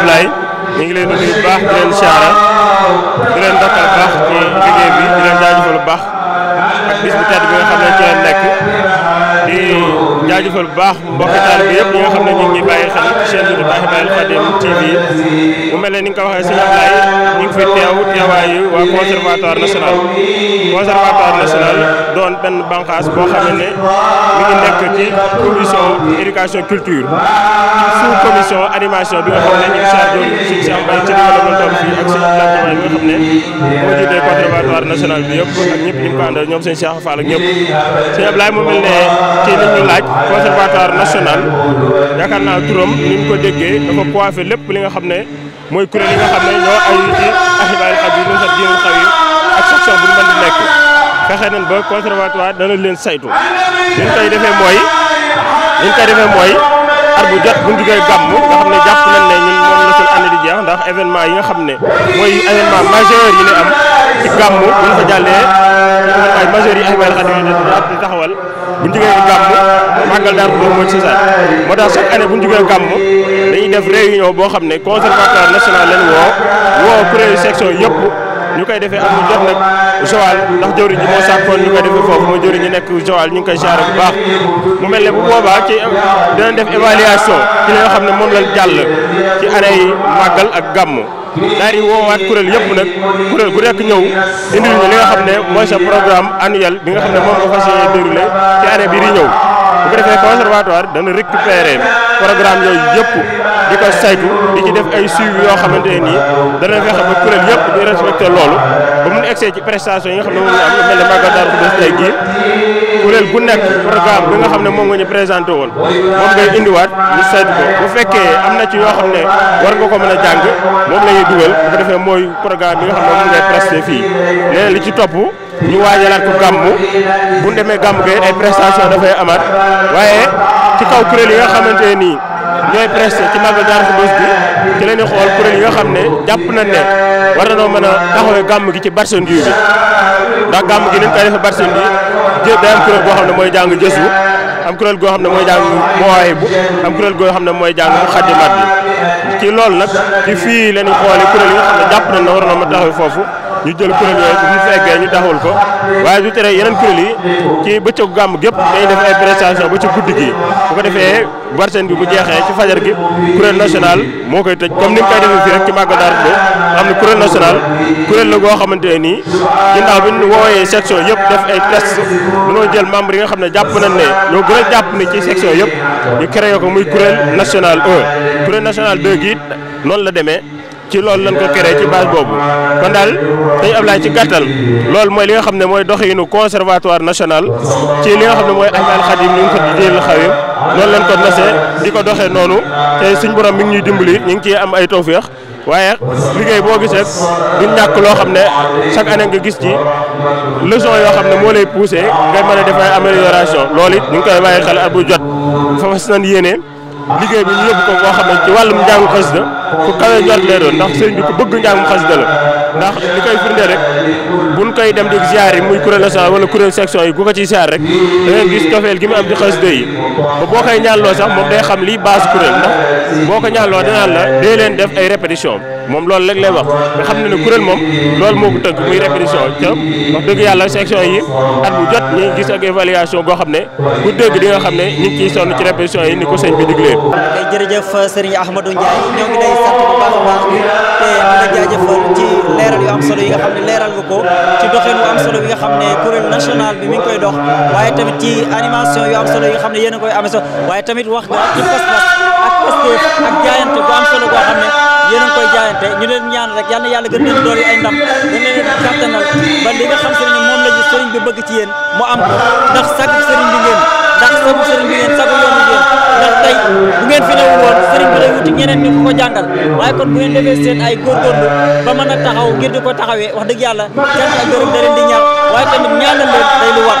Ablaye ñu ngi leen di nuyu baax di leen siyaara di baax ci liggéey bi di leen jaajëfal baax ak bis bu tedd bi nga xam ne ci leen di jaajëfal bu baax mbokk taal bi yëpp ñi nga xam ne ñu ngi bàyyi xel chaîne bi Baye Baye Khadim TV mu mel ne ni nga ko waxee sëñ benn bànqaas boo xam ne mi ngi nekk ci commission éducation culture sous commission animation bi nga xam ne ñu ngi saa jël suñ si am ci développement doom fii ak suñu nga xam ne moo jiitee conservatoire national bi yëpp ak ñu ngi ko àndal ñoom sëñ Cheikh Fall ak ñëpp sëñ Ablaye mu mel ne ci li ñu laaj conservatoire national yaakaar naa turam ni ko déggee dafa coiffé lépp li nga xam ne mooy kuréel yi nga xam ne ñoo ayu ci axibaayil xaj yi sa diinul xaw yi ak section bu ñu mën leen saytu liñ koy defee mooy koy defee mooy at bu jot bu ñu jugee ne jàpp nañ ne ñun moom ndax événement yi nga xam ne mooy événement yi ne am gàmmu bu ñu fa jàllee ay majeurs yi Ahmadul Khadim yi daal di taxawal bu ñu jógee gàmmu daal boobu mooy sosaan moo tax chaque année bu ñu jógee gàmmu dañuy def réunion boo xam ne conservateur national leen woo woo kuréelu section yëpp ñu koy defee am ñu jot nag Joal ndax jëwriñ ji moo sàkkoon ñu koy defee foofu mooy jëwriñ ñi nekk Joal ñu ngi koy jaare bu baax mu mel ne bu boobaa ci dinañ def évaluation ci li nga xam ne moom lañ jàll ci année yi màggal ak gàmmu daal di woowaat kuréel yëpp nag kuréel gu nekk ñëw indil ñu li nga xam ne mooy sa programme annuel bi nga xam ne moom nga fas yéene déroulé ci année bi di ñëw bu ko defee conservatoire dana récupérer programme yooyu yëpp di ko saytu di ci def ay suivi yoo xamante nii dana fexe ba kuréel yëpp di respecté loolu ba mun egsee prestation yi nga xam ne moom la am lu mel ne Magal Daaru Xudoos tey gu nekk programme bi nga xam ne moom nga ñu présenté woon moom ngay indiwaat ñu saytu ko bu fekkee am na ci yoo xam ne war nga ko mën a jàng moom la dugal bu defee mooy programme bi nga xam ne moom ngay presté fii leneen li ci topp ñu waajalaat ko gàmmu bu ñu demee gàmmu ge ay prestation dafay amaat waaye ci kaw kuréel yi nga xamante ne nii ñooy presse ci màggal Daaru Xudoos bi ci la xool kuréel yi nga xam ne jàpp nañ ne war na noo mën a taxawee gàmm gi ci Barsendiou bi ndax gàmm gi ni ñu koy defee Barsendiou jë day am kuréel goo xam ne mooy jàng jësu am kuréel goo xam ne mooy jàng mooy bu am kuréel goo xam ne mooy jàng mu xaddimaat bi ci loolu nag ci fii la ñuy xoolee kuréel yi ma foofu. ñu jël kuréel yooyu bu ñu fekkee ñu taxawal ko waaye du tere yeneen kuréel yi ci bëccëgu gàmm gépp dañuy def ay prestation ba ci guddi gi bu ko defee barsen bi bu jeexee ci fajar gi kuréel national moo koy tëj comme ni nga koy defee fii rek ci màggal Daaru Xudoos xam ne kuréel national kuréel la goo xamante ne nii ginnaaw bi ñu wooyee section yëpp def ay test dañoo jël membre yi nga xam ne jàpp nañ ne ñoo gën a jàpp ne ci section yëpp ñu créé ko muy kuréel national 1 kuréel national 2 noonu la demee ci loolu lañ ko créé ci base boobu kon daal dañu Ablaye ci gàttal loolu mooy li nga xam ne mooy dox doxinu conservatoire national ci li nga xam ne mooy Ahmadul Khadim ñu ngi ko jël xawim loolu lañ ko nasee di ko doxe noonu te suñ borom bi ngi ñuy dimbali ñu ngi ciy am ay tawféex waaye liggéey boo gis rek du ñàkk loo xam ne chaque année nga gis ci leçon yoo xam ne moo lay poussé ngay mën a def ay amélioration loolu it ñu ngi koy bàyyi xel at bu jot fa fas nañ yéene liggéey ci wàllum njàng ku kawee jot lay doon ndax sëriñ bi ku bëgg xasida la ndax li koy firnde rek buñ koy dem di ziar yi muy kuréel national wala kuréel section yi gu ko ci ziar rek da gis cofeel gi mu am ci xasida yi ba boo koy ñaanloo sax moom day xam lii base kuréel ndax boo ko ñaanloo danaan la dee leen def ay répétition moom loolu rek lay wax nga xam ne ne kuréel moom loolu moo ko tënk muy répétition ca wax dëgg yàlla section yi at bu jot ñu gis ak évaluation goo xam ne ku dégg di nga xam ne ñu ngi ci répétition yi ni ko sëñ bi diglee. tey jërëjëf Serigne Ahmadou Ndiaye ñoo ngi lay sant ci leeral solo ko am bi nga xam ne kuréel national bi mi ngi koy dox waaye tamit ci animation yu am solo yi nga xam ne yéen a koy amee so waaye tamit wax nga ci pas ak pasteef ak jaayante bu am solo boo xam ne yéen a ngi koy jaayante ñu yàlla gën leen dool yi ay ndam gën leen kàttanal ba li nga xam sëriñ moom la sëriñ bi bëgg ci yéen mu am ndax sagu sëriñ bi ngeen ndax sagu sëriñ bi ngeen sagu yoon bi ngeen ndax tey bu ngeen fi newul woon sëriñ bi lay wuti ñeneen ñu ko jàngal waaye kon bu ngeen defee seen ay góorgóorlu ba mën a taxaw ngir di ko taxawee wax dëgg yàlla jant ak gërëm da di ñaar waaye tamit ñaanal leen day lu war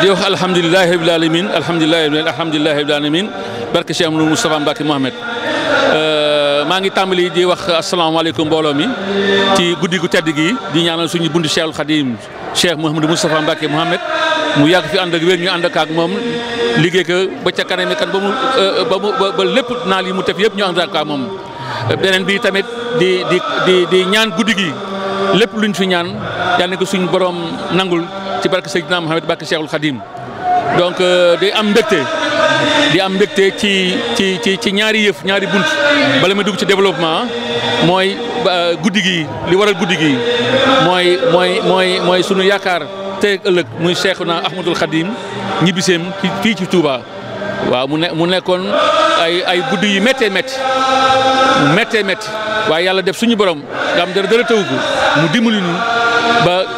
di wax alhamdulillah rabbil alamin alhamdulillah rabbil alhamdulillah rabbil alamin barke cheikh amadou moustapha mbacke mohammed eh, maa ngi tàmbali di wax asalaamaaleykum mbooloo mi ci guddi tedd gi di ñaanal suñu bundu cheikhul khadim cheikh mouhamadou moustapha mbacke mohammed mu yàgg fi ànd ak wér ñu ànd ak ak moom liggéey ko ba ca kanam kan ba mu eh, ba mu ba lépp naal yi mu tef yëpp ñu ànd ak moom beneen bi tamit di di di di ñaan guddi gi luñ fi ñaan yàlla ko borom nangul ci barke Seydina Mohamed barke Cheikhul Khadim donc euh, day am mbégte di am mbégte ci ci ci ci ñaari yëf ñaari bunt bala ma dugg ci développement mooy euh, guddi gi li waral guddi gi mooy mooy mooy mooy sunu yaakaar tey ëllëg muy Cheikhuna Ahmadul Khadim ñibbiseem fii ci Touba. waaw mu ne mu nekkoon ay ay guddi yu méttee métti méttee métti waaye yàlla def suñu borom nga am dara dara tëw ko mu dimbali ba.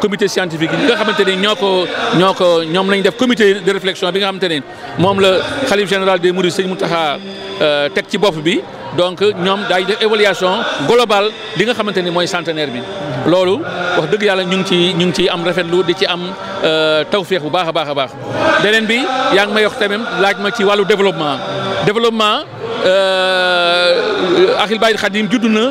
comité scientifique yi nga xamante ni ñoo ko ñoo ko ñoom lañ def comité de réflexion bi nga xamante ni moom la xalif général des mourides sëñ Mountakha euh, teg ci bopp bi donc ñoom daay def évaluation globale li nga xamante ni mooy centenaire bi loolu wax dëgg yàlla ñu ngi ci ñu ngi ciy am rafetlu di ci am euh, tawféex bu baax a baax a baax beneen bi yaa ngi may wax tamit laaj ma ci wàllu développement développement euh, Axil Bayit Khadim juddu na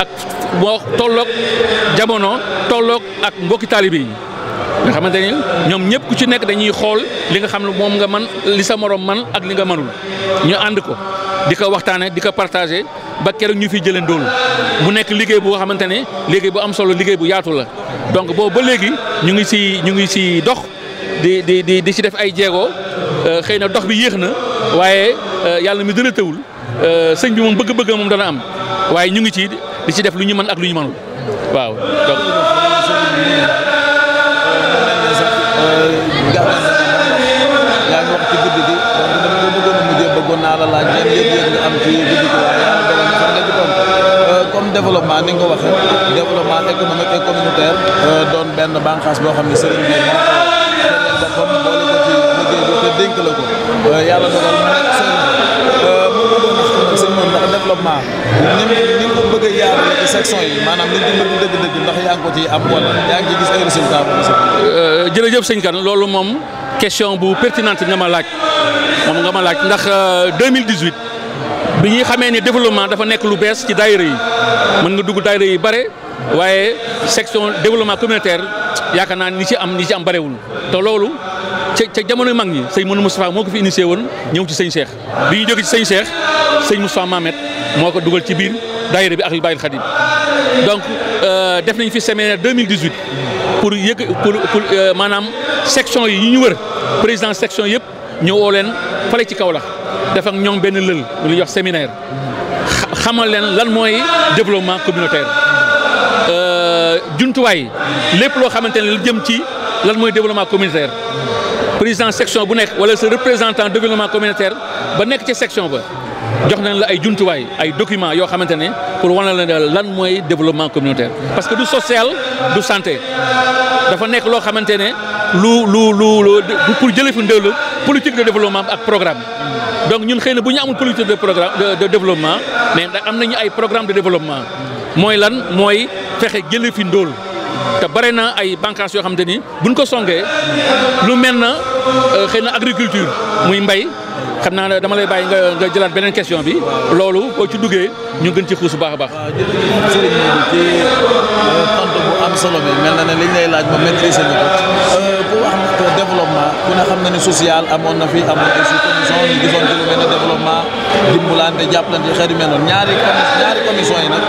ak moo tollook jamono tolloog ak mbokki taalibe yi nga xamante ni ñoom ñëpp ku ci nekk dañuy xool li nga xam ne moom nga man li sa moroom man ak li nga manul ñu ànd ko di ko waxtaane di ko partagé ba keroog ñu fi jële doolu mu nekk liggéey boo xamante ne léegi bu am solo liggéey bu yaatu la donc boobu ba léegi ñu ngi si ñu ngi si dox di di di di si def ay jéego euh, xëy na dox bi yéex na waye euh, yalla mi dina tëwul euh, señ bi mom bëgg-bëgg mom dana am waye ñu ngi ci di ci def lu ñu mën ak lu ñu mënul waaw développement ni nga ko développement économique et communautaire euh, doon benn bànqaas boo xam ne sëriñ bi dénk la ko euh, yàlla dogal seen euh, mu bëggoon a ni ni nga ko bëgg a yaarale section yi maanaam liñ ci bëgg dëgg ndax yaa ko ci am wala gis ngi ci gis ay résultats euh, jërëjëf sëñ Kane loolu moom question bu pertinente nga ma laaj moom nga ma laaj ndax mille 2018 bi ñuy xamee ne développement dafa nekk lu bees ci daayira yi mën nga dugg daayira yi bare waaye section développement communautaire yaakaar naa ni ci am ni ci am barewul te loolu ca ca jamono mag ñi sëñ Mounou Moustapha moo ko fi initié woon ñëw ci sëñ Cheikh bi ñu jóge ci sëñ Cheikh sëñ Moustapha Mamet moo ko dugal ci biir daayira bi ak Baye Khadim donc euh, def nañ fi séminaire 2018 pour yëg pour pour euh, maanaam section yi ñu wër président section yëpp ñu woo leen fale ci kaw la def ak ñoom benn lël lu ñuy wax séminaire xamal leen lan mooy développement communautaire euh, juntuwaay lépp loo xamante ne lu jëm ci lan mooy développement communautaire président section bu nek wala ce représentant développement communautaire ba nek ci section ba jox nañ la ay jumtuwaay ay documents yo xamantene pour wane la lan moy développement communautaire. parce que du social du santé dafa nek lo xamantene ne lu lu lu pour jëlee fi ndël politique de développement ak programme. donc ñun xeyna bu ñu amul politique de programme de développement mais am nañu ay programme de développement moy lan moy fexé jëlee fi ndóol. te bare na ay bànqaas yoo xam ni bu buñ ko songee lu mel na euh, xëy na agriculture muy mbay xam naa ne dama lay bàyyi nga nga jëlaat beneen question bi loolu boo ci duggee ñu gën ci xuus bu baax a baax. waaw Serigne Modou ci euh, bi mel na ne lay laaj ba maîtriser ñu développement ku ne xam na ne social amoon na fi amoon aussi commission ñu gisoon ci lu mel ne développement dimbalante jàppalante xeet yu mel noonu ñaari ñaari yi nag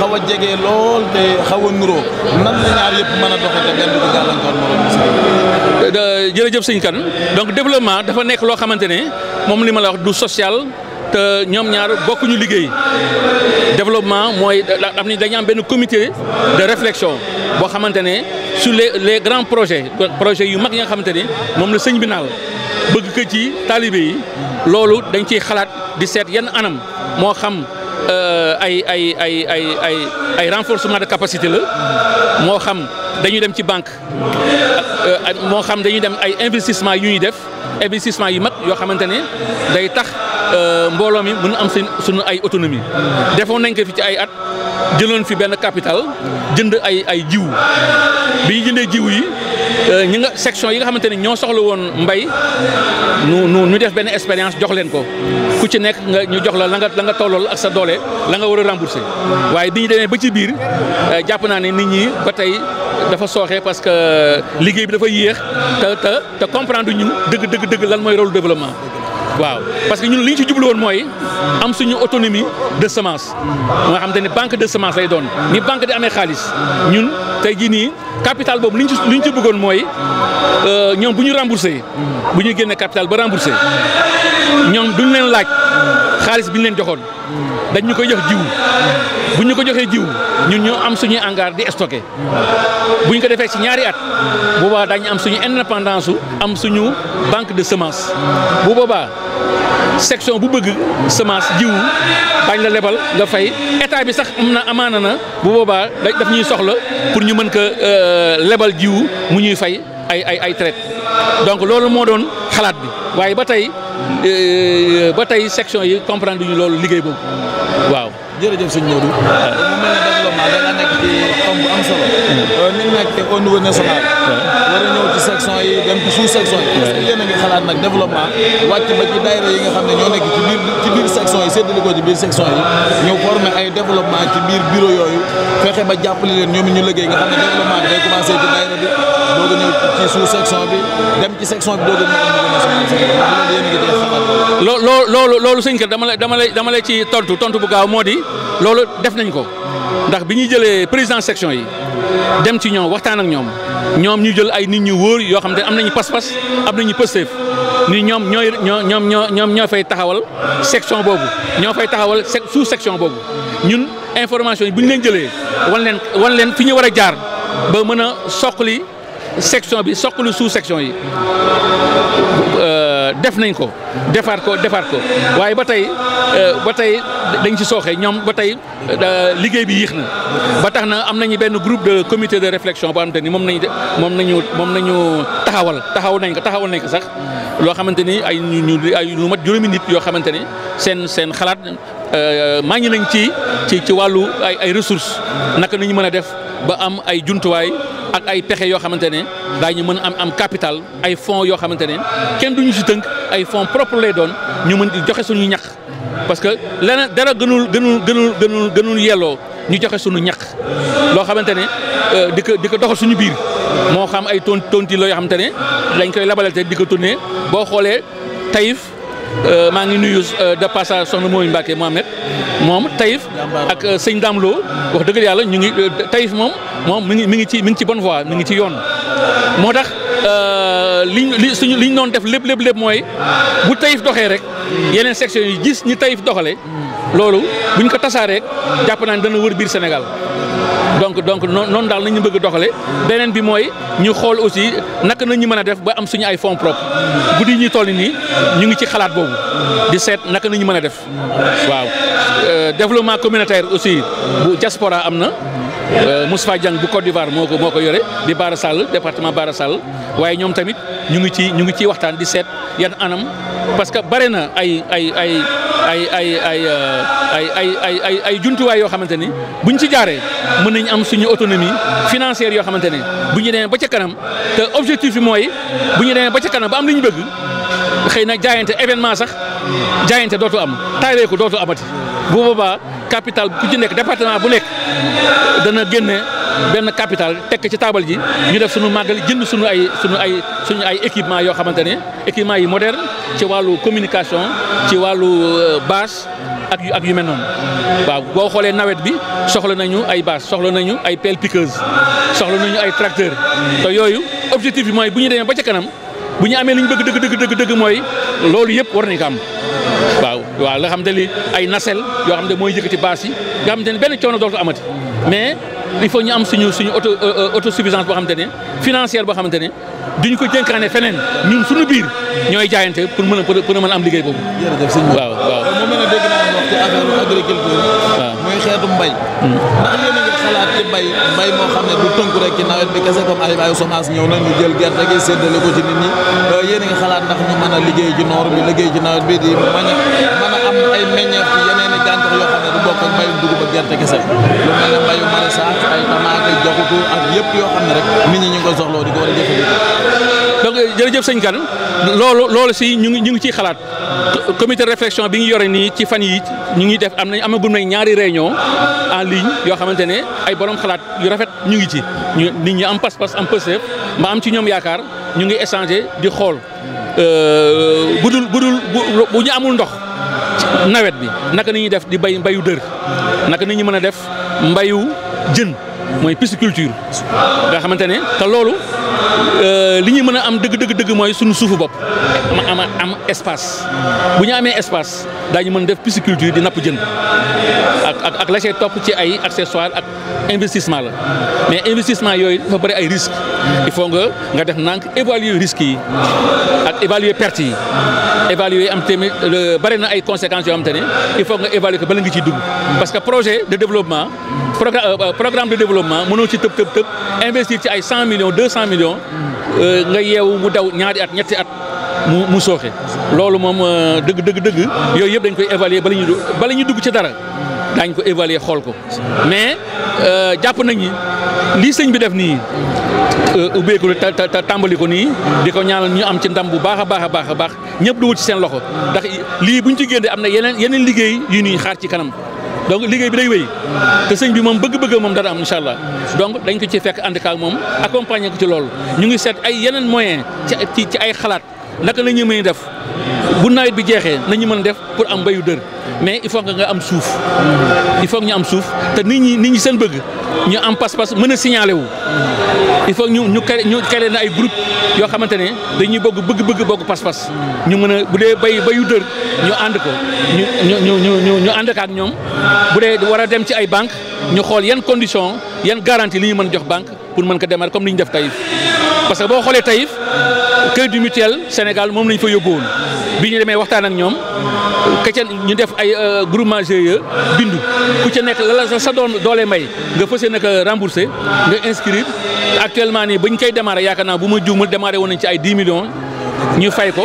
xaw a jege lool te xaw a nuroo nan la ñaar yëpp mën a doxee te benn du gàllankoor morom si. Euh, sëñ Kane donc développement dafa nekk loo xamante ne moom li ma la wax du social. Nous avons beaucoup de développement nous nous comité de réflexion sur les grands projets projets yu mag yi nga la sëñ bi naal bëgg renforcement de capacité la avons xam banque euh, investissement yu investissement yoo xamante ne day tax euh, mbooloo mi mën am seen suñu ay autonomie defoon nañ ko fi ci ay at. jëloon fi benn capital jënd ay ay jiw bi ñu jëndee jiw yi euh, ñi nga section yi nga xamante ne ñoo soxla woon mbay nu nu def benn expérience jox leen ko fu ci nekk nga ñu jox la la nga la nga tollool ak sa doole la nga war a remboursé waaye bi ñu demee ba ci biir euh, jàpp naa ne nit ñi ba tey dafa sooxee parce que euh, liggéey bi dafa yéex te te te comprendre ñu dëgg dëgg dëgg lan mooy rôle développement waaw parce que ñun li ñu ci jublu woon mooy am suñu autonomie de semence moo xam te ne banque de semence lay doon ni banque di amee xaalis ñun tey jii nii capital boobu li ñu ci li ñu ci bëggoon mooy euh, ñoom bu ñu remboursé bu ñuy génnee capital ba remboursé ñoom duñ leen laaj xaalis bi ñu leen joxoon dañ ñu ko jox jiw bu ñu ko jiw ñun ñoo am suñu hangar di stocké bu ñu ko defee ci ñaari at bu boobaa dañ am suñu indépendance am suñu banque de semence bu boobaa section bu bëgg semence jiw bañ la lebal nga fay état bi sax amna amana na bu boobaa daf ñuy soxla pour ñu mën ko euh, lebal jiw mu ñuy fay ay ay ay traite donc lolu mo doon xalaat bi waye ba Euh, ba tey section yi comprendre ñu loolu liggéey boobu waaw. jërëjëf sëñ Modou. vraiment da nga nekk ci xam bu am solo. Mm. Euh, ni yi dem ci sous section a développement wàcc ba ci daayira yi nga xam ne ñoo nekk ci biir yi séddale ko ci biir section yi ñëw former ay développement ci biir bureau yooyu fexe ba jàppale leen ñoom ñu liggéey nga xam ne développement bi day commencé bi doog a ñëw ci sous loolu loolu loolu sëñ kër dama lay dama lay ci tontu tontu bu gaaw moo di loolu def nañ ko ndax bi ñuy jëlee président section yi dem ci ñoom waxtaan ak ñoom ñoom ñu jël ay nit ñu wóor yoo xam te am nañu pas-pas am nañu pësteef ni ñoom ñooy ñoo ñoom ñoo ñoom ñoo fay taxawal section boobu ñoo fay taxawal sous section boobu ñun information yi bu ñu leen jëlee wan leen wan leen fi ñu war a jaar ba mën a soqali section bi soqali sous section yi. def nañ ko defaat ko defaat ko waaye ba tey euh, ba tey dañ ci sooxee ñoom ba tey euh, liggéey bi yéex na ba tax na am nañu benn groupe de comité de réflexion boo xamante ni moom nañu moom nañu moom nañu taxawal taxaw nañ ko taxawal nañ ko sax loo xamante ni ay ñu ay lu mat juróomi nit yoo xamante ni seen seen xalaat euh, maa ngi nañ ci ci ci wàllu ay ay ressources naka nañu mën a def ba am ay jumtuwaay ak ay pexe yoo xamante ne daañu mën am am capital ay fonds yoo xamante ne kenn duñu ci tënk ay fonds propre lay doon ñu mën di joxe suñu ñax parce que leneen dara gënul gënul gënul gënul gënul yelloo ñu joxe suñu ñax loo xamante ne euh, di ko di ko doxal suñu biir moo xam ay ton tonti loo xamante ne dañ koy labalate di ko tourné boo xoolee Taïf Euh, maa ngi nuyu euh, de passage soxna Mooy Mbacke Mohamed moom Taïf ak euh, sëñ Dame wax dëgg yàlla ñu ngi Taïf moom moom mi ngi ci mi ngi ci bonne voie mi ngi ci yoon moo tax liñ li suñu li liñ doon def lépp lépp lépp mooy bu Taïf doxee rek yeneen section yi gis ñi Taïf doxale loolu buñ ko tasaaree jàpp naa ne dana wër biir Sénégal donc donc noonu daal nañu bëgg doxale beneen bi mooy ñu xool aussi naka nañu mën a def ba am suñu ay fonds propres guddi ñuy toll nii ñu ngi ci xalaat boobu di seet naka nañu mën a def waaw euh, développement communautaire aussi bu diaspora am na Euh, Moustapha Diang bu Côte d'Ivoire moo ko moo ko yore di Bara Sall département Bara Sall waaye ñoom tamit ñu ngi ci ñu ngi ciy waxtaan di seet yan anam parce que bare na ay ay ay ay ay ay euh, ay ay ay ay ay jumtuwaay yoo xamante ni buñ ci jaaree mën nañ am suñu autonomie financière yoo xamante ne bu ñu demee ba ca kanam te objectif bi mooy bu ñu demee ba ca kanam ba am li ñu bëgg xëy na jaayante événement sax jaayante dootu am taalee ko dootu amati. bu boobaa capital bu ci nekk département bu nekk dana génne benn capital tekk ci taabal ji ñu def suñu màggal jënd suñu ay suñu ay suñu ay équipement yoo xamante ne équipement yi moderne ci wàllu communication ci wàllu euh, bâche ak yu ak yu mel noonu boo xoolee nawet bi soxla nañu ay bâche soxla nañu ay pelle piqueuse soxla nañu ay tracteur te yooyu objectif bi mooy bu ñu demee ba ci kanam bu ñu amee li ñu bëgg dëgg dëgg dëgg dëgg mooy loolu yëpp war nañ ko am waaw waaw la xam te li ay nacelle yoo xam ne mooy yëkkati bâche yi nga xam te ne benn coono dootu amati mais il faut ñu am suñu suñu auto euh, euh, autosuffisance xam xamante ne financière boo xamante ne duñ ko jënkaane feneen ñun suñu biir ñooy jaayante pour mën a pour mën am liggéey boobu waaw waaw ci affaire agriculture. muy xeetu mbay. ndax yéen xalaat ci mbay mbay moo xam ne du tënk rek ci nawet bi kese comme ay ay semence ñëw na ñu jël gerte gi séddale ko ci nit ñi euh, yéen a xalaat ndax ñu mën a liggéey ci noor bi liggéey ci nawet bii di mën a mën a am ay meññeef ci yeneen i gàncax yoo xam ne du bokk ak mbayum dugub ak gerte kese lu mel mbayu maraîchage ay tomate joxutu ak yëpp yoo xam ne rek nit ñi ñu ngi koy soxloo di ko war a jëfandikoo donc euh, jërëjëf sëñ Kane loolu loolu si ñu ngi ñu ngi ciy xalaat commité de réflexion bi ñu yore nii ci fan yi ñu ngi def am nañ amagum nañ ñaari réunion en ligne yoo xamante ne ay borom xalaat yu rafet ñu ngi ci ñu nit ñi am pas-pas am pëseef ma ci ñoom yaakaar ñu ngi échanger di xool euh, bu dul bu dul bu ñu amul ndox nawet bi naka ni ñuy def di bay mbayu dër naka ni ñu mën a def mbayu jën. moy pisciculture nga xamante ta lolu euh li ñu am deug deug deug moy suñu suufu bop am am espace bu ñu amee espace daañu mëna def pisciculture di nap jeun ak ak ak la see top ci ay accessoires ak investissement la mais investissement yoy fa bari ay risques il faut nga nga def nank évaluer risque yi ak évaluer perte yi évaluer am le bari na ay conséquences yo xamante ne il faut nga évaluer ba la nga ci dugg parce que projet de développement programme euh, de développement développement mënoo ci tëb tëb tëb investir ci ay cent millions deux cent millions euh, nga yeewu mu daw ñaari at ñetti at mu mu sooxe loolu moom euh, dëgg dëgg dëgg yooyu yëpp dañ koy évaluer bala ñuy bala ñuy dugg ci dara daañ ko évaluer xool ko mais euh, jàpp nañu lii sëñ bi def nii ubbeeku ta ta tàmbali ko nii di ko ñaanal ñu am ci ndam bu baax a baax a baax a baax ñëpp duwul ci seen loxo ndax lii buñ ci génnee am na yeneen yeneen liggéey yu ñuy xaar ci kanam donc liggéey bi day wéy te sëñ bi moom bëgg-bëgg moom dana am incha allah donc dañ ko ci fekk ànd ak moom accompagner ko ci lool ñu ngi seet ay yeneen moyen ci ci ay xalaat naka la ñuy mën def bu nawet bi jeexee nañu mën def pour am bayu dër mais il faut que nga am suuf il faut que ñu am suuf te nit ñi nit ñi seen bëgg ñu am pas-pas mën a signalé wu il faut ñu ñu ñu créé na ay groupe yoo xamante ne dañuy bëgg bëgg bëgg bokk pas-pas ñu mën a bu dee bay bayu dër ñu ànd ko ñu ñu ñu ñu ànd ak ñoom bu dee war a dem ci ay banque ñu xool yan condition yan garantie li ñu mën jox banque pour mën ko démarrer comme ni ñu def Taïf parce que boo xoolee Taïf crédit du mutuel Sénégal moom la ñu fa yóbbuwoon bi ñu demee waxtaan ak ñoom ka ñu def ay euh, groupement GIE bindu ku ci nekk la la sa doon doolee may nga fas yéene rembourser nga inscrire actuellement nii bañ koy démarrer yaakaar naa bu ma juumul démarrer woon nañ ci ay 10 millions. ñu fay ko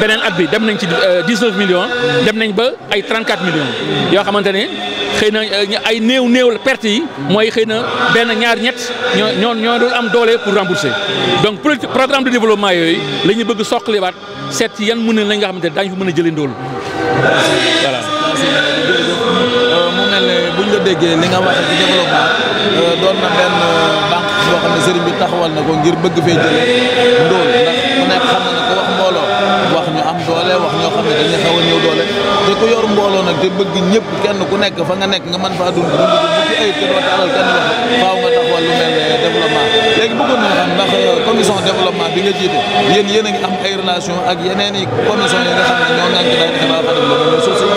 beneen at bi dem nañ ci 19 euh, millions dem nañ ba ay 34 millions yoo xamante xëy na euh, ay néew néew la perte yi mooy xëy na benn ñaar ñett ñoo ñoo ñoo am doole pour rembourser donc programme de développement yooyu la bëgg soqaliwaat seet yan mu ne na nga xamante ne daañu fa mën a jëlee ndoolu voilà. Euh, mu mel ne buñ ñu la déggee li nga waxee ci développement euh, doon na benn banque boo xam ne sëriñ bi taxawal na ko ngir bëgg fee jëlee ndool dañ la xawa ñew doole te ku yor mbooloo nag te bëgg ñëpp kenn ku nekk fa nga nekk nga mën faa dund dund bu ci ay te doo taalal kenn wax faaw nga taxawal lu mel développement léegi bëggoon naa xam ndax euh, commission développement bi nga jiite yéen yéen a ngi am ay relation ak yeneen i commission yi nga xam ne ñoo ngànk daay xibaar xadim lu mel ne social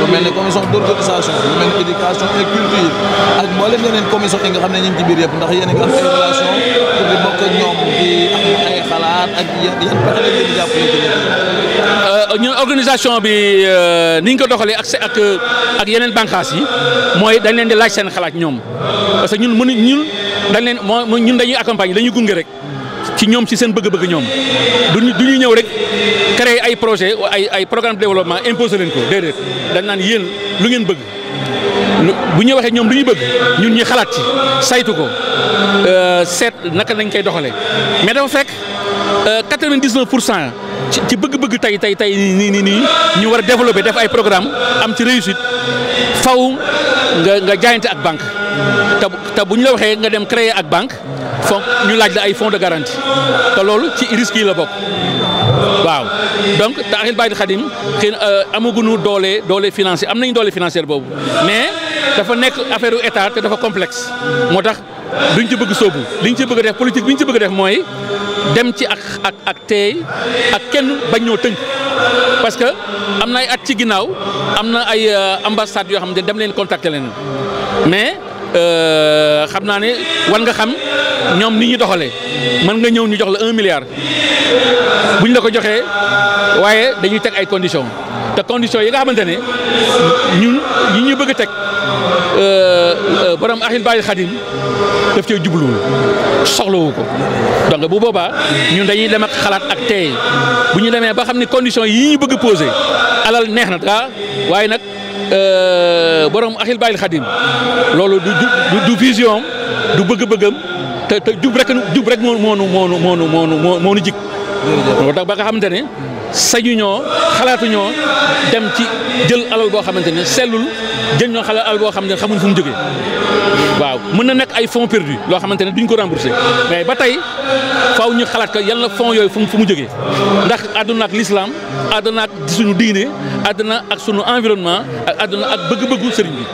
lu mel ne commission d' organisation lu mel ne éducation et culture ak mboolem yeneen commission yi nga xam ne ñu ci biir yëpp ndax yéen a am ay relation pour di bokk ak ñoom di am ay xalaat ak yan pexe la ngeen di jàppale ci ñun organisation bi euh, ni ñu ko doxalee ak ak euh, ak yeneen bànqaas yi mooy dañ leen di laaj seen xalaat ñoom parce que ñun mënu ñun dañ leen moo ñun dañuy accompagner dañuy gunge rek ci ñoom si seen bëgg-bëgg ñoom duñu du ñuy ñëw rek créer ay projet ay ay programme de développement imposer leen ko déedéet dañ naan yéen lu ngeen bëgg bu ñu waxee ñoom lu ñu bëgg ñun ñu xalaat ci saytu ko euh, seet naka lañ koy doxalee mais dafa fekk pour cent ci bëgg-bëgg tay tay tay nii nii nii ñu war a développer def ay programme am ci réussite faw nga nga jaayante ak banque te te bu la waxee nga dem créer ak banque fond ñu laaj la ay fonds de garantie te loolu ci risque yi la waaw donc taaxil bayti xadim xëy na euh, amaguñu doole doole financière am nañ doole financière boobu mais dafa nekk affaire u état te dafa complexe moo tax duñ ci bëgg sóobu liñ ci bëgg def politique bi ñu ci bëgg def mooy dem ci ak ak ak teey ak kenn bañ ñoo tënk parce que am na ay at ci ginnaaw am na ay euh, ambassades yoo xam ne dem leen contacter leen mais Euh, xam naa ne war nga xam ñoom ni ñu doxalee mën nga ñëw ñu jox la un milliard bu ñu la ko joxee waaye dañuy teg ay conditions te conditions yi nga xamante ne ñun ñu ñu bëgg a teg euh, euh, borom axil bàyyi xadim daf cee jubluwul soxlawu ko donc bu boobaa ñun dañuy dem ak xalaat ak teey bu ñu demee ba xam ne conditions yi ñu bëgg posé alal neex na daa waaye nag Euh, borom axil bàyyil xadim loolu du du vision du bëgg-bëggam te te jub rek jub rek moo moo moo moo jik moo tax ba nga xamante ne sañu ñoo dem ci jël alal boo xamante ne sellul jën ñoo xalal al xam ne xamuñ fu mu jógee waaw mun na nekk ay fon perdus loo xamante ne duñ ko remboursé mais ba tey faaw ñu xalaat ko yan la fonds yooyu fu mu jógee ndax àdduna ak l'islam àdduna ak suñu diine àdduna ak suñu environnement ak àdduna ak bëgg-bëggu sëriñ bi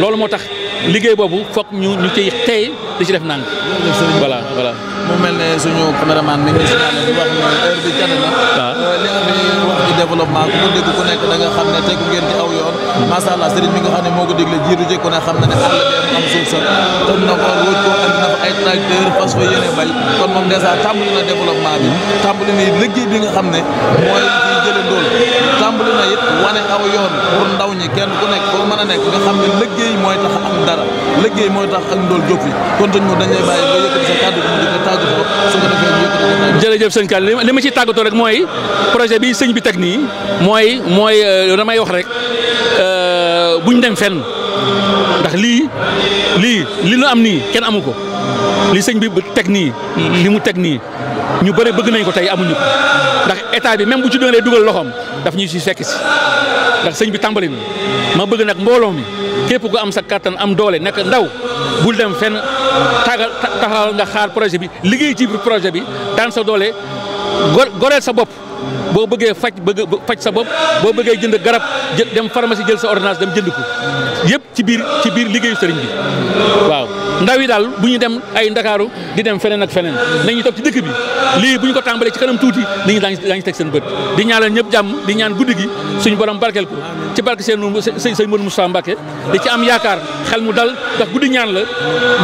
loolu moo tax liggéey boobu foog ñu ñu ciy tey di ci def nang voilà voilà mu mel ne suñu caméraman mi ngi développement ku ko dégg ku nekk da nga xam ne tegu ngeen ci aw yoon macha allah sëriñ mi nga xam ne moo ko dégle jiitu jëkku ne xam na ne àll bee mu am suuf sa toj na ko wóoj ko andi ay tracteur fas fa yéene bay kon moom dèjà tàmbali na développement bi tàmbali na liggéey bi nga xam ne mooy jële ndool tàmbali na it wane ndaw ñi kenn ku nekk foo mën a nekk nga xam ne liggéey mooy dara liggéey mooy tax ak ndool jóg fi ko tàggatoo su nga defee li ma ci tàggatoo rek mooy projet bi sëñ bi teg nii mooy mooy euh, damay wax rek euh, buñ dem fen ndax lii lii li nu am nii kenn amu ko li sëñ bi teg nii li mu teg nii ñu bëri bëgg nañ ko tay amuñu ko ndax état bi même bu ci dënglee duggal loxom daf ñu ci fekk ci ndax sëñ bi tàmbali ma bëgg nak mbolo mi képp ku am sa kattan am doole nak ndaw bul dem fenn tagal taxawal nga xaar projet bi liggéey ci biir projet bi daan sa doole goreel sa bop bo bëggé fajj bëgg fajj sa bop bo bëggé jënd garab dem pharmacie jël sa ordonnance dem jënd ko yépp ci bir ci bir liggéeyu sëriñ bi waaw ndaw yi daal bu ñu dem ay ndakaaru di dem feneen ak feneen nañu toog ci dëkk bi lii bu ñu ko tàmbalee ci kanam tuuti nit ñi daañu teg seen bët di ñaanal ñëpp jàmm di ñaan guddi gi suñu borom barkeel ko ci barke seen sëñ sëñ Modou Moustapha Mbacké di ci am yaakaar xel mu dal ndax guddi ñaan la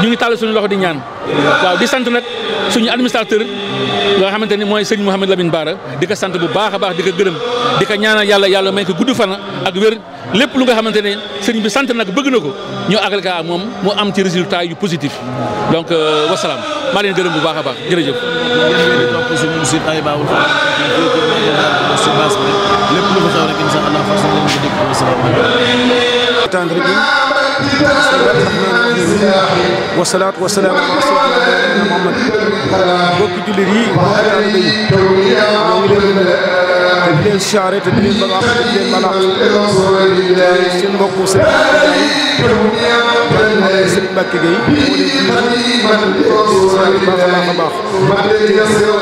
ñu ngi tàll suñu loxo di ñaan waaw di sant nag suñu administrateur loo xamante ni mooy sëñ Mouhamed Lamine Bara di ko sant bu baax a baax di ko gërëm di ko ñaanal yàlla yàlla may ko gudd fan ak lépp lu nga xamante ne sëriñ bi sant nag bëgg na ko ñu àggal kaa moom mu am ci résultat yu positif donc euh, wasalaam maa leen gërëm bu baax a baax jërëjëf. wasalaatu wasalaam ala sayyidina Muhammad bokk jullit yi di siyaare te di leen bala àq di leen bala àq seen mbokku sëriñ sëriñ Mbacke Gueye moo leen di siyaare baax a baax a baax te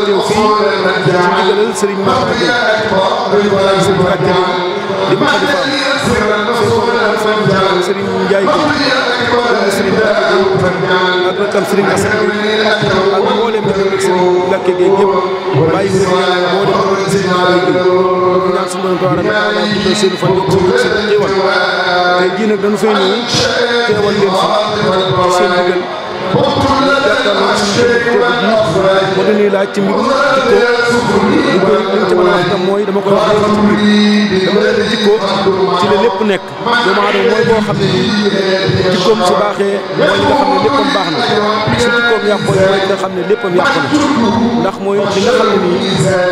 teew fii ci ndigalal sëriñ Mbacke Gueye sëriñ Mbacke Gueye di baax di faam sëriñ Ndiaye Gueye sëriñ Mbacke Gueye ak rakam sëriñ Assane Gueye dëgg sëñ Mbàkke Gueye ñëpp bàyyi wu ñu yàlla moo def ko sëñ Mbàkke Gueye ñaan suñu borom tabaaraka wa taala bu dee seen fan yëpp seen xéewal tey jii nag dañu fay ñëw teewal leen fi seen digal dañuy laaj ci mbirum jikko li ko li ci mën a wax tam mooy dama koy wax ci biir dama leen jikko ci la lépp nekk doomu aadama mooy boo xam ne nii jikkoom su baaxee mooy nga xam ne léppam baax na su jikkoom yàqoo mooy nga xam ne léppam yàqu na ndax mooy li nga xam ne nii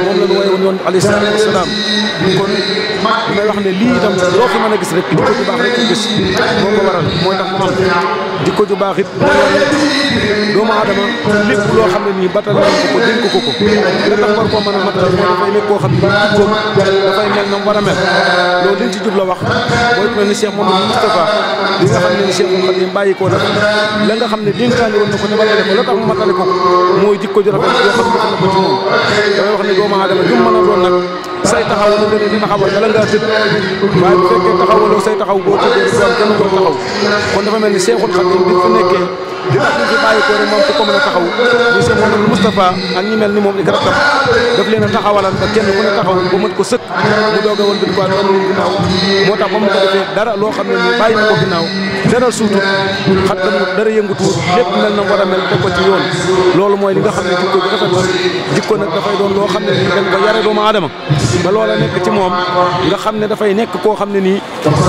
moom la ñu woyoon yoon alayhi salaatu wasalaam kon damay wax ne lii itam loo fi mën a gis rek jikko ju baax rek gis moo ko waral mooy tax mu am jikko ju baax it doomu aadama lépp loo xam ne nii batal nañ ko ko dénk ko ko da tax war koo mën a matal mooy dafay nekk koo xam ne jikkoom dafay mel na mu war a mel loolu liñ ci jubla wax mooy ku mel ni Cheikh Mamadou li nga xam ne ni Cheikh Mouhamed koo nag la nga xam ne dénkaani woon na ko te matale ko la tax mu matale ko mooy jikko ju rafet yoo xam ne doomu aadama ju mën a doon nag say taxaw lu mel ni li ma xamoon bala ngaa tëdd waaye bu fekkee taxawaloo say taxaw boo tëddee doon kenn ko taxaw kon dafa mel ni Seexul Xadiim bi fi nekkee bi at bi fi bàyyi ko rek moom ku ko mën a taxaw ñu moom Moustapha ak ñi mel ni moom di garab tam a taxawalal ba ko sëkk mu doog a woon bidi boi doon ginnaaw loo xam ne ñu bàyyi ko ginnaaw dara suutut xat damu dara na war a mel teg ko ci loolu mooy li nga xam ne jikko bi rafet la jikko loo xam ne nii dañ ko yare doomu aadama ba loola moom nga xam ne dafay nekk koo xam ne nii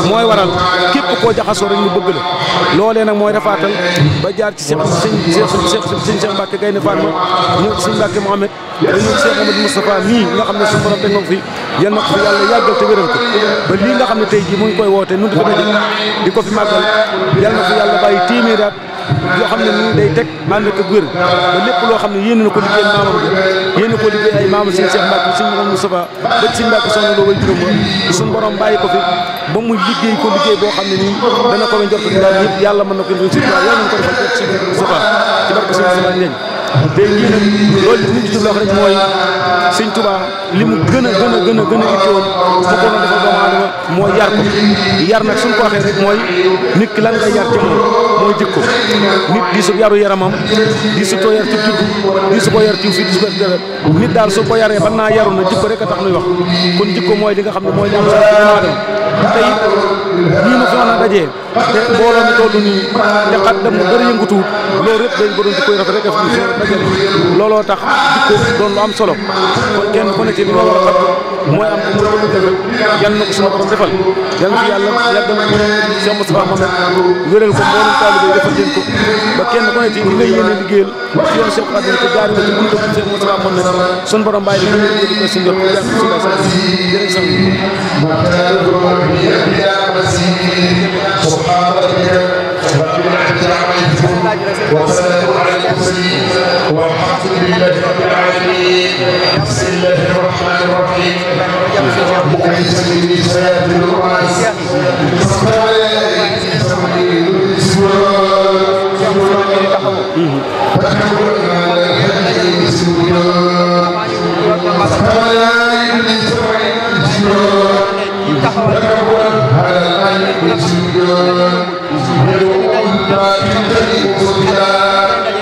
mooy waral képp koo jaxasoo rek ñu bëgg la loolee nag mooy rafaatal ba jaar jaar ci Cheikh Cheikh Cheikh Cheikh Mbacke Gaynde Fatma ñëw ci Serigne Mbacke Mohamed da ñëw Cheikh Mohamed Moustapha mii nga xam ne suñu borom teg na ko fi yal na ko fi yàlla yàggal te wéral ko ba lii nga xam ne tey jii mu ngi koy woote nu di ko di ko fi màggal yal na ko yàlla bàyyi téeméeraat yoo xam ne nii day teg maam rek ak wér ba lépp loo xam ne yéen na ko liggéey maamam bi yéen na ko liggéey ay maamu seen Cheikh Mbacke suñu Mouhamadou Moustapha ba ci Mbacke soxna loo way juróom ba suñu borom bàyyi ko fi ba muy liggéey ko liggéey boo xam ne nii dana ko we njort daal yëpp yàlla mën na ko yëpp yàlla mën na ko defal ci Moustapha ci barke suñu Moustapha tey jii nag loolu li ñu rek mooy sëñ Tuubaa li mu gën a gën a gën a gën a itteewoon bëggoon a defal doomu aadama mooy yar ko yar nag suñ ko waxee mooy nit ki lan lay yar ci moom mooy jikko nit di su yaru yaramam di su too yar ci tudd di su ko yar ci fi di su ko yar nit daal su ko yaree ban naa yaru na jikko rek a tax nuy wax kon jikko mooy li nga xam ne mooy li am solo ci doomu aadama tey ñii ma fi mën dajee mbooloo mi toll nii te xat dem mu dara yëngatuwut loolu yëpp dañ ko doon di koy rafet rek daf ñu tax jikko doon lu am solo kon kenn ku ne ci li ma war a am ku mu doon defal yal na ko suma borom defal yal na fi yàlla yàggal ko Cheikh Moustapha Mohamed wéral ko mboolem taalibe yi defal leen ko ba kenn ku ne ci li lay yéene liggéeyal ci yoon Cheikh Xaadim te jaar nga ci buntu Cheikh Moustapha Mohamed sun borom bàyyi la ñu di ko si njot jàng si la sax jërëjëf أصحاب الأنبياء وأبي الاعتداء وسلام على المرسلين والحمد لله رب العالمين بسم الله الرحمن الرحيم ربك يسمي لسان الرأس فلا يملك الجيران على الغيب سجود يسجد كل كتب صديا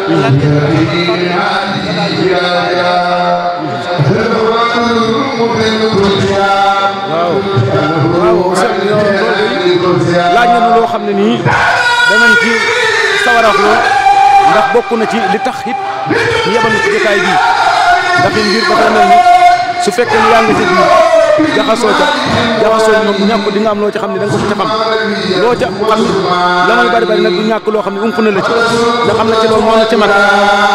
يهدي علي يا هر المبن الدنيا laaj na nu loo xam ne nii danañ ci sawar a wax loo ndax bokk na ci li tax it yebal ci jotaay bi ndax mbir dafa mel ni su fekkee yaa ngi ci biir jaxasoo ca jaxasoo ñoom ñàkk di nga am loo ci xam ne da nga ko ca xam loo ca xam la may bari bari nag ñàkk loo xam ne ump na la ci nga xam na ci loolu moo na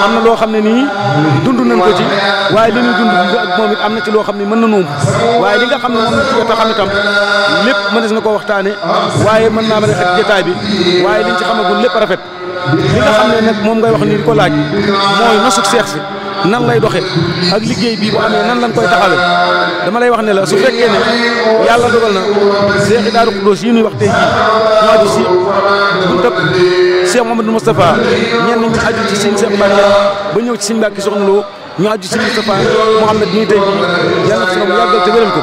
am na loo xam ne nii dund nañ ko ci waaye li ñuy am na ci loo xam ne mën na noom waaye li nga xam ne moom jot a xam itam lépp mënees na ko waxtaane waaye mën naa ba ne xet jotaay bi waaye liñ ci xamagul lépp rafet li nga xam ne nag moom ngay wax ni di ko laaj mooy nasuk seex si nan lay doxee ak liggéey bii bu amee nan lañ koy taxawee dama lay wax ne la su fekkee ne yàlla dogal na seexi daaru Xuddoos yi ñuy wax tey jii ñu aju si buntab Cheikh Mamadou Moustapha ñenn ñu aju ci seen Cheikh Mbacke ba ñëw ci seen Mbacke soxna Lo ñu aju si Moustapha Mouhamed nii tey jii yàlla na ko yàggal te wéral ko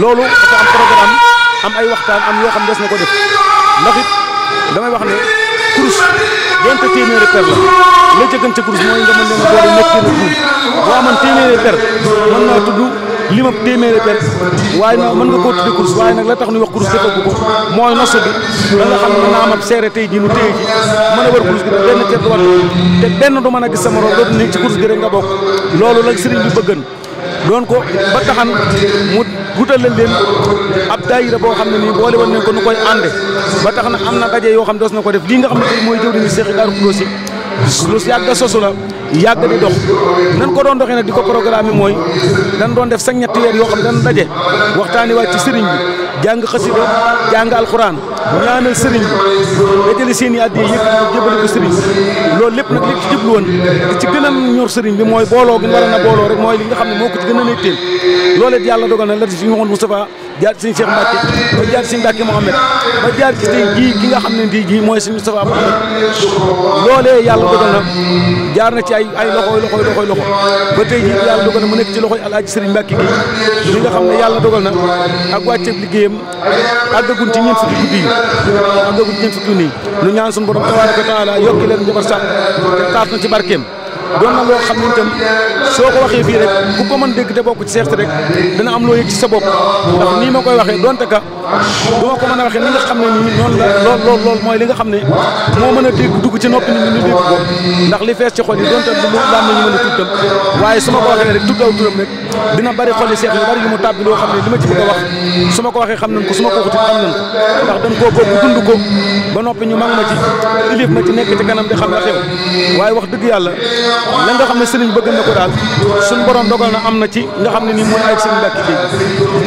loolu dafa am programme am ay waxtaan am yoo xam des na ko def ndax it damay wax ne kurus. donte téeméeri per la la ca gën mooy nga mën leen a boole nekk na guub boo amoon mën naa tudd limab téeméeri per waaye nag mën nga koo tudde course waaye nag la tax ñu wax course defal ko mooy nosu bi da xam ne mën naa am seere tey ji nu téye ji mën a wër course gi te benn teet du wat te benn du mën a gis sama morom dootu nekk ci course gi rek nga bokk loolu la sëriñ bi bëggan doon ko ba taxan mu wutalal leen ab daayira boo xam ne nii boole woon nañ ko nu koy ànde ba tax na am na daje yoo xam ne dos na ko def lii nga xam ne tey mooy jëwriñu Seex Daaru Xudoos lu yàgg sosu la yàgg di dox nan ko doon doxee nag di ko programme mooy dan doon def sax ñetti yoo xam ne dañ daje waxtaani waat ci sëriñ bi jàng xasida jàng alxuraan ñaanal sëriñ bi dajale seen i addiya yëpp jëbale ko sëriñ bi loolu lépp nag li ci jublu woon ci gën a ñor sëriñ bi mooy booloo gi waroon a booloo rek mooy li nga xam ne moo ko ci gën a netteel loolee yàlla dogal na la ci ñu waxoon Moustapha jaar ci sëñ Cheikh Mbacke ba jaar ci sëñ Mbacke Mohamed ba jaar ci tey jii ki nga xam ne tey jii mooy sëñ Moustapha Mohamed loolee yàlla dogal na jaar na ci ay ay loxoy loxoy loxoy loxo ba tey jii yàlla dogal mu nekk ci loxoy alaaji sëriñ Mbacke gi xam ne yàlla dogal na ak wàcceeb liggéeyam àggagun ci ñeent fukki a nga ko ñeent fukki junni ñu ñaan suñu borom tabaaraka wa taala yokki leen njaboot sax te taas na ci barkeem doon na loo xam ne tam soo ko waxee fii rek bu ko mën dégg te bokk ci seex rek dina am loo yëg ci sa bopp ndax nii ma koy waxee donte ka du ma ko mën a waxee ni xam ne nii noonu la mooy li nga xam ne moo mën a dégg dugg ci noppi nit ñi dégg ko ndax li fees ci xol yi donte du lu lam na ñu tudd tam waaye su ma ko waxee rek tudd aw turam rek dina bari xol yi seex yu bari yu mu tàbbi loo xam ne li ma ci bëgg a wax su ma ko waxee xam nañ ko su ma ko waxut xam nañ ndax dañ koo bokk dund ko ba noppi ñu ma ma ci nekk ci kanam di xam la waaye wax dëgg yàlla la nga xam ne sëriñ bëgg na ko daal suñ borom dogal na am na ci nga xam ne nii mooy ak sëriñ Mbàkke bi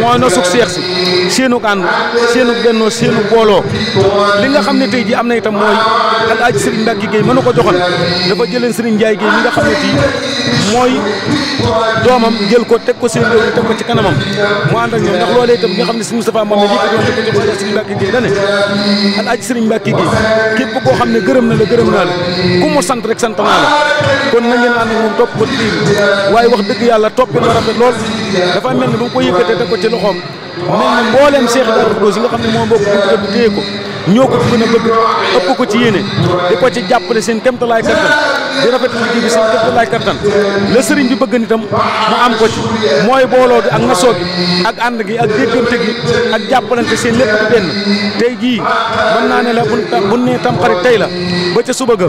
mooy nosuk seex si seenuk ànd seenuk bennoo seenu booloo li nga xam ne tey ji am na itam mooy al aaj sëriñ Mbàkke Géey mënu ko joxoon dafa jëleen sëriñ Njaay Géey mi nga xam ne tii mooy doomam jël ko teg ko seen réew teg ko ci kanamam mu ànd ak ñoom ndax loolee itam nga xam ne sëriñ Moustapha moom ne lii ko ko joxoon al aaj sëriñ Mbàkke Géey dane koo xam ne gërëm na la gërëm naa la ku kon na ngeen ànd ak moom topp ko tiim waaye wax dëgg yàlla toppin wa rafet lool dafa mel ni bu ko yëkkatee teg ko ci loxoom mel ni mbooleem Cheikh Darou Khoudoss yi nga xam ne moo bokk bu téye ko ñoo ko gën a bëgg ëpp ko ci yéene di ko ci jàppale seen kéemtalaay kattan di rafet liggéey bi seen kéemtalaay kattan la sëriñ bi bëgg nitam mu am ko ci mooy booloo gi ak nasoo gi ak ànd gi ak déggante gi ak jàppalante seen lépp di benn tey jii mën naa ne la bu nee tamxarit tey la ba ca suba ga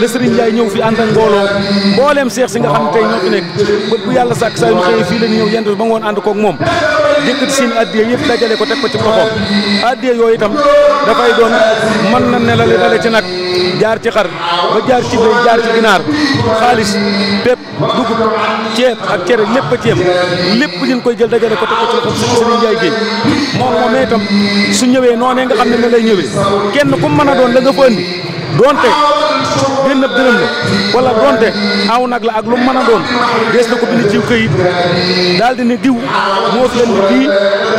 la sëriñ Njaay ñëw fi ànd ak mbooloo mbooleem seex si nga xam ne tey ñoo fi nekk bu yàlla sa saa yu xëyee fii la ñu ñëw yend ba ngoon ànd koog moom yëkkati seen addiya yëpp dajale ko teg ko ci loxoom addiya dafay doon mën na nelale dale ci nag jaar ci xar ba jaar ci béy jaar ci ginaar xaalis bépp dugub ceeb ak cere lépp a ceeb lépp ñu koy jël dajale ko teg ko ci loxo Serigne Ndiaye Guèye moom moom itam su ñëwee noonee nga xam ne ne lay ñëwee kenn ku mën a doon la nga fa donte génn ab dërëm la wala donte aw nag la ak lu mu doon dees na ko bind ci këyit daal di diw moo fi leen di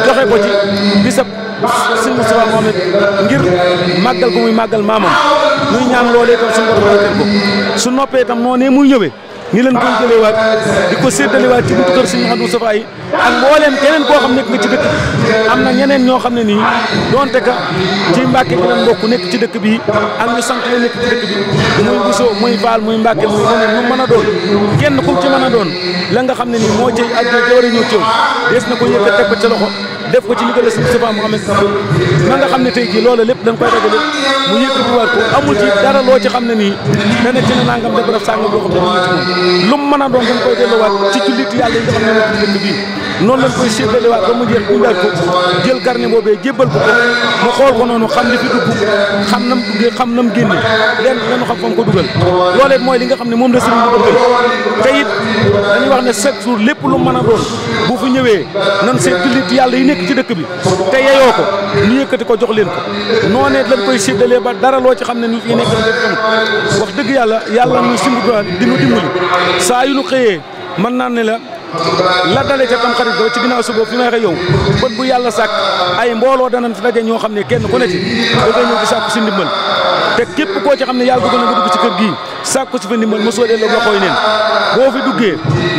joxe ko ci bisab sëñ ngir màggal ko muy màggal maamam muy ñaan loolee itam suñu borom ko su noppee noonee muy ñëwee. ni leen koy jëlewaat di ko séetale ci buntu kër Serigne Mouhamadou Moustapha yi ak mbooleem keneen koo xam nekk nga ci dëkk am na ñeneen ñoo xam ne nii donte ka ci Mbàkke gi lañ bokk nekk ci dëkk bi ak ñu sant la nekk ci dëkk bi muy Bousso muy Fall muy Mbàkke muy leneen ñu mën a doon kenn ku ci mën a doon la nga xam ne nii moo cay ak nga war a ñëw cëw na ko yëkkat teg ko ca def ko ci liggéey Moustapha Mouhamed ma nga xam ne tey jii loolu lépp da nga koy dajale mu yëkkati war ko amul ci dara loo ci xam ne nii dana ci ne nangam def def sàngam boo xam ne moom lu mu mën a doon dañ koy delluwaat ci jullit yàlla yi nga xam ne moom dëkk bii noonu lañ ba mu jeex dundaat ko jël carnet boobee jébbal ko ko mu xool ko noonu xam li fi dugg xam nam duggee xam nam génne lenn lañu xam fa ko dugal loolee mooy li nga xam ne moom la sëriñ bi bëggal te it dañuy wax ne chaque lépp lu mën a doon bu fi ñëwee nan seet nekk ci dëkk bi te yeyoo ko ñu yëkkati ko jox leen ko noonee lañ koy séddalee ba dara loo ci xam ne ñu fi nekk wax dëgg yàlla yàlla ñu simb dinu dimbali saa yu nu xëyee mën naa ne la la dalee ca tamxarit ba ci ginnaaw suba fi may yow bët bu yàlla sàkk ay mbooloo danañ fi daje ñoo xam ne kenn ku ne ci dangay ñëw di sàkku te képp koo ci xam ne yàlla dugal na nga dugg ci kër gii sàkku si fa ndimbal mosoo delloo neen boo fi duggee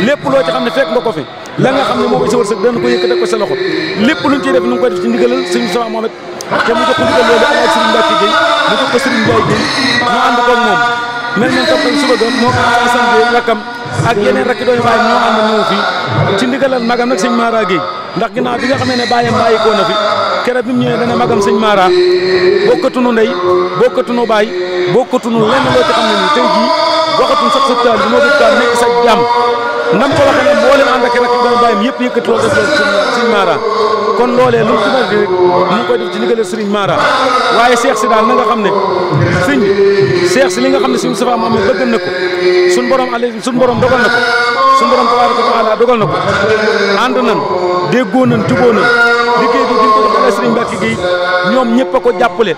lépp loo ci xam ne ko fi la nga xam ne moom sa wërsëg dana ko yëkkate ko sa lépp luñ ciy nu ko ndigal loolu ak Serigne Mbacké Gueye mu jox ko Serigne Mbaye Gueye mu ànd koog moom mel nañ toppal suba ga moo ko Assane Gueye rakkam ak yeneen rakki dooy waaye ñoo ànd ñëw fii ci ndigalal magam nag sëñ Mara Gueye ndax ginnaaw bi nga xamee ne bàyyam bàyyi koo na fi keroog bi mu ñëwee dana magam sëñ Mara bokkatunu ndey bokkatunu baay bokkatunu lenn loo ci xam ne nii tey jii waxatuñ sax sa taal bi moo gën taal nekk sa jàmm nam ko waxee nag mboolem ànd ak nag doon bàyyam yëpp yëkkati loolu def loolu Serigne kon loolee lu mu ci di rek mu ma koy def ci ndigalal Serigne Mara waaye Cheikh si daal na nga xam ne sëñ bi si li nga xam ne si Moustapha Mohamed bëgg na ko suñu borom ale suñu borom dogal na ko suñu borom tabaaraka wa taala dogal na ko ànd nan déggoo nan juboo nan liggéey bi bi ñu ko def Serigne Mbacke ñëpp ko jàppale